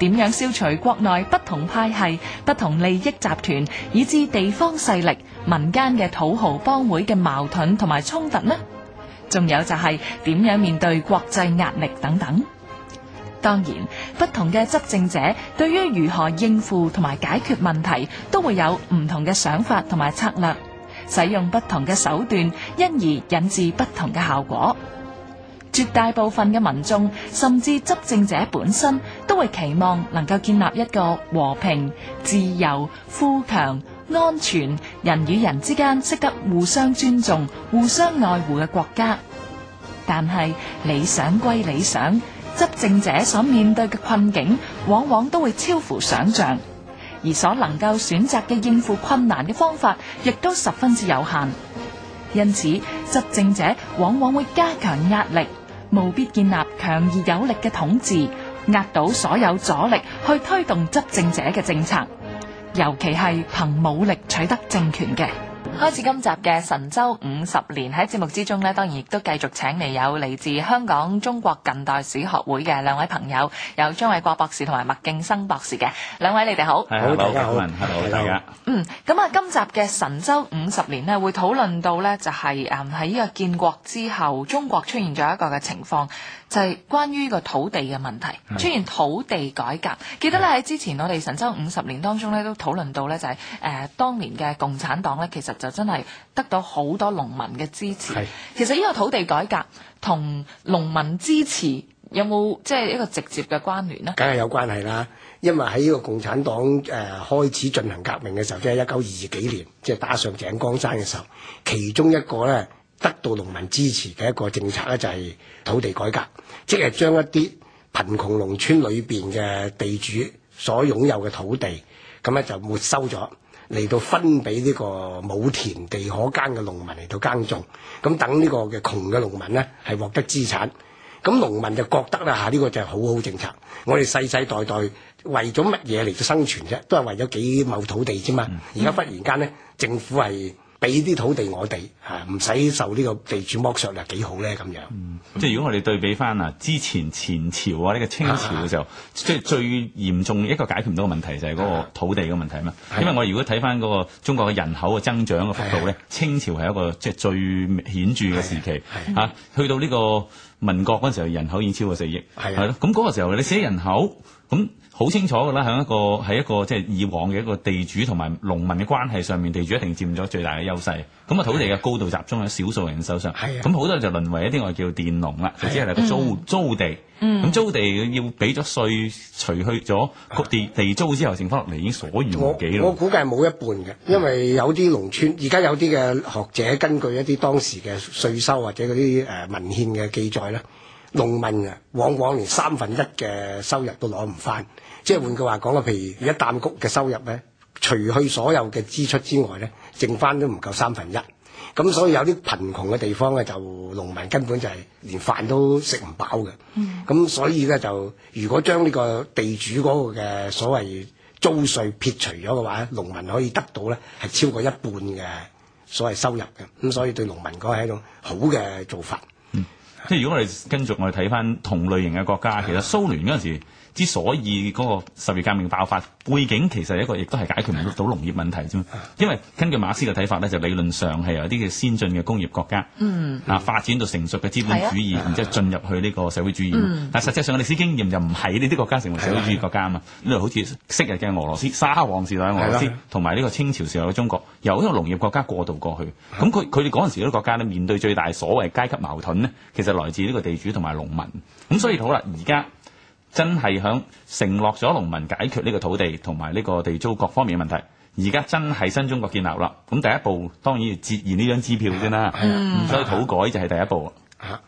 點樣消除國內不同派系、不同利益集團以至地方勢力、民間嘅土豪幫會嘅矛盾同埋衝突呢？仲有就係點樣面對國際壓力等等。當然，不同嘅執政者對於如何應付同埋解決問題，都會有唔同嘅想法同埋策略，使用不同嘅手段，因而引致不同嘅效果。絕大部分嘅民眾甚至執政者本身，都會期望能夠建立一個和平、自由、富強、安全、人與人之間識得互相尊重、互相愛護嘅國家。但係理想歸理想，執政者所面對嘅困境，往往都會超乎想象，而所能夠選擇嘅應付困難嘅方法，亦都十分之有限。因此，執政者往往會加強壓力。務必建立強而有力嘅統治，壓倒所有阻力去推動執政者嘅政策，尤其係憑武力取得政權嘅。開始今集嘅神州五十年，喺節目之中呢，當然亦都繼續請嚟有嚟自香港中國近代史學會嘅兩位朋友，有張偉國博士同埋麥敬生博士嘅兩位，你哋好。好，大家好，係好，大家好。嗯，咁啊，今集嘅神州五十年呢，會討論到呢，就係誒喺呢個建國之後，中國出現咗一個嘅情況，就係關於個土地嘅問題，出現土地改革。記得咧喺之前我哋神州五十年當中咧都討論到呢，就係誒當年嘅共產黨呢，其實。就真係得到好多農民嘅支持。係。其實呢個土地改革同農民支持有冇即係一個直接嘅關聯咧？梗係有關係啦。因為喺呢個共產黨誒，呃，開始進行革命嘅時候，即係一九二幾年，即係打上井岡山嘅時候，其中一個咧得到農民支持嘅一個政策咧，就係土地改革，即係將一啲貧窮農村裏邊嘅地主所擁有嘅土地，咁咧就沒收咗。嚟到分俾呢個冇田地可耕嘅農民嚟到耕種，咁等呢個嘅窮嘅農民呢係獲得資產，咁農民就覺得啦嚇，呢個就係好好政策。我哋世世代代為咗乜嘢嚟到生存啫？都係為咗幾畝土地啫嘛。而家忽然間呢，政府係。俾啲土地我哋嚇，唔使受呢個地主剝削，又幾好咧咁樣。即係如果我哋對比翻啊，之前前朝啊，呢個清朝嘅時候，即係最嚴重一個解決唔到嘅問題就係嗰個土地嘅問題嘛。因為我如果睇翻嗰個中國嘅人口嘅增長嘅幅度咧，清朝係一個即係最顯著嘅時期。係去到呢個民國嗰陣時候，人口已經超過四億。係啊，係咯，咁嗰個時候你寫人口咁。好清楚㗎啦，喺一個喺一個即係以往嘅一個地主同埋農民嘅關係上面，地主一定佔咗最大嘅優勢。咁啊，土地嘅高度集中喺少數人手上。係、啊，咁好多人就淪為一啲我哋叫佃農啦。係、啊，只係嚟個租、嗯、租地。咁、嗯嗯、租地要俾咗稅，除去咗地地租之後，剩翻落嚟已經所餘無幾咯。我我估計冇一半嘅，因為有啲農村而家、嗯、有啲嘅學者根據一啲當時嘅稅收或者嗰啲誒文獻嘅記載咧。農民啊，往往連三分一嘅收入都攞唔翻。即係換句話講啦，譬如一擔谷嘅收入咧，除去所有嘅支出之外咧，剩翻都唔夠三分一。咁所以有啲貧窮嘅地方咧，就農民根本就係連飯都食唔飽嘅。咁、嗯、所以咧，就如果將呢個地主嗰個嘅所謂租稅撇除咗嘅話，農民可以得到咧，係超過一半嘅所謂收入嘅。咁所以對農民講係一種好嘅做法。即係如果我哋，跟住我哋睇翻同類型嘅國家，其實蘇聯陣時之所以個十月革命爆發。背景其實一個亦都係解決唔到農業問題啫，因為根據馬克思嘅睇法咧，就理論上係由一啲嘅先進嘅工業國家，嗯、啊發展到成熟嘅資本主義，然之後進入去呢個社會主義。嗯、但實際上嘅歷史經驗就唔係呢啲國家成為社會主義國家啊嘛，呢度、啊、好似昔日嘅俄羅斯沙皇時代嘅俄羅斯，同埋呢個清朝時代嘅中國，由一個農業國家過渡過去。咁佢佢哋嗰陣時嗰啲國家咧，面對最大所謂階級矛盾呢，其實來自呢個地主同埋農民。咁所以好啦，而家。真係響承諾咗農民解決呢個土地同埋呢個地租各方面嘅問題，而家真係新中國建立啦。咁第一步當然要折現呢張支票先啦，咁所以土改就係第一步啦。